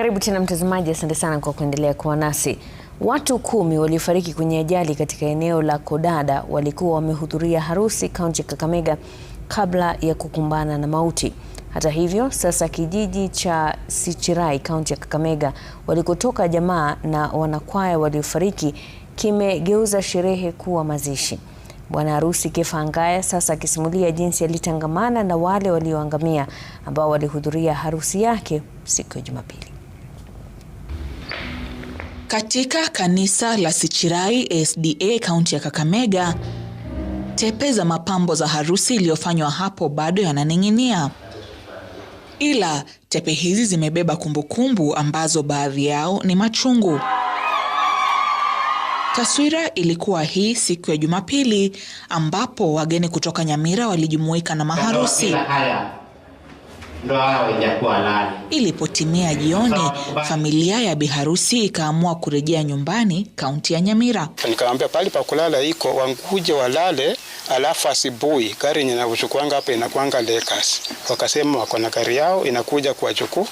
Karibu tena mtazamaji, asante sana kwa kuendelea kuwa nasi. Watu kumi waliofariki kwenye ajali katika eneo la Kodada walikuwa wamehudhuria harusi kaunti Kakamega kabla ya kukumbana na mauti. Hata hivyo, sasa kijiji cha Sichirai kaunti ya Kakamega walikotoka jamaa na wanakwaya waliofariki kimegeuza sherehe kuwa mazishi. Bwana harusi Kefangaya sasa akisimulia jinsi alitangamana na wale walioangamia ambao walihudhuria harusi yake siku ya Jumapili. Katika kanisa la Sichirai SDA kaunti ya Kakamega, tepe za mapambo za harusi iliyofanywa hapo bado yananing'inia, ila tepe hizi zimebeba kumbukumbu ambazo baadhi yao ni machungu. Taswira ilikuwa hii siku ya Jumapili ambapo wageni kutoka Nyamira walijumuika na maharusi. Ilipotimia jioni, familia ya biharusi ikaamua kurejea nyumbani kaunti ya Nyamira. Nikamwambia pali pa kulala iko wanguje walale, alafu asibui gari yenye nachukuanga hapa inakuanga Lakers. Wakasema wako na gari yao inakuja kuwachukua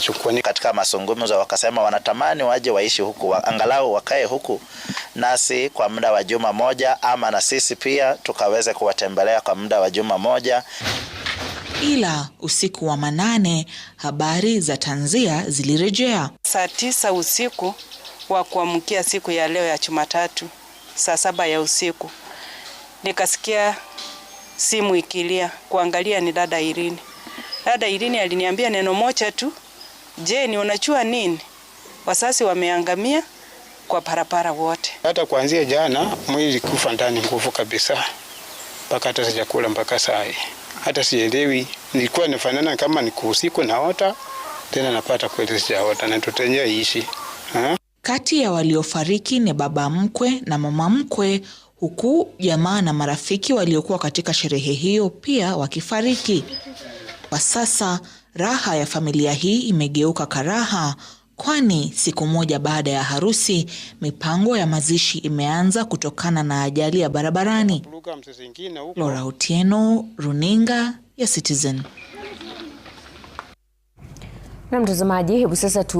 chukuni. Katika mazungumzo wakasema wanatamani waje waishi huku, angalau wakae huku nasi kwa muda wa juma moja, ama na sisi pia tukaweze kuwatembelea kwa muda wa juma moja ila usiku wa manane habari za tanzia zilirejea saa tisa usiku wa kuamkia siku ya leo ya Jumatatu saa saba ya usiku nikasikia simu ikilia, kuangalia ni dada Irini. Dada Irini aliniambia neno moja tu, je, ni unajua nini? Wasasi wameangamia kwa barabara wote, hata kuanzia jana mwili kufa ndani nguvu kabisa mpaka hata sijakula mpaka saa hii, hata sielewi. Nilikuwa nifanana kama niko usiku naota tena napata, kweli sijaota na tutenye ishi ha? Kati ya waliofariki ni baba mkwe na mama mkwe, huku jamaa na marafiki waliokuwa katika sherehe hiyo pia wakifariki. Kwa sasa raha ya familia hii imegeuka karaha Kwani siku moja baada ya harusi mipango ya mazishi imeanza kutokana na ajali ya barabarani. Lora Otieno, Runinga ya Citizen. Na mtazamaji, hebu sasa tu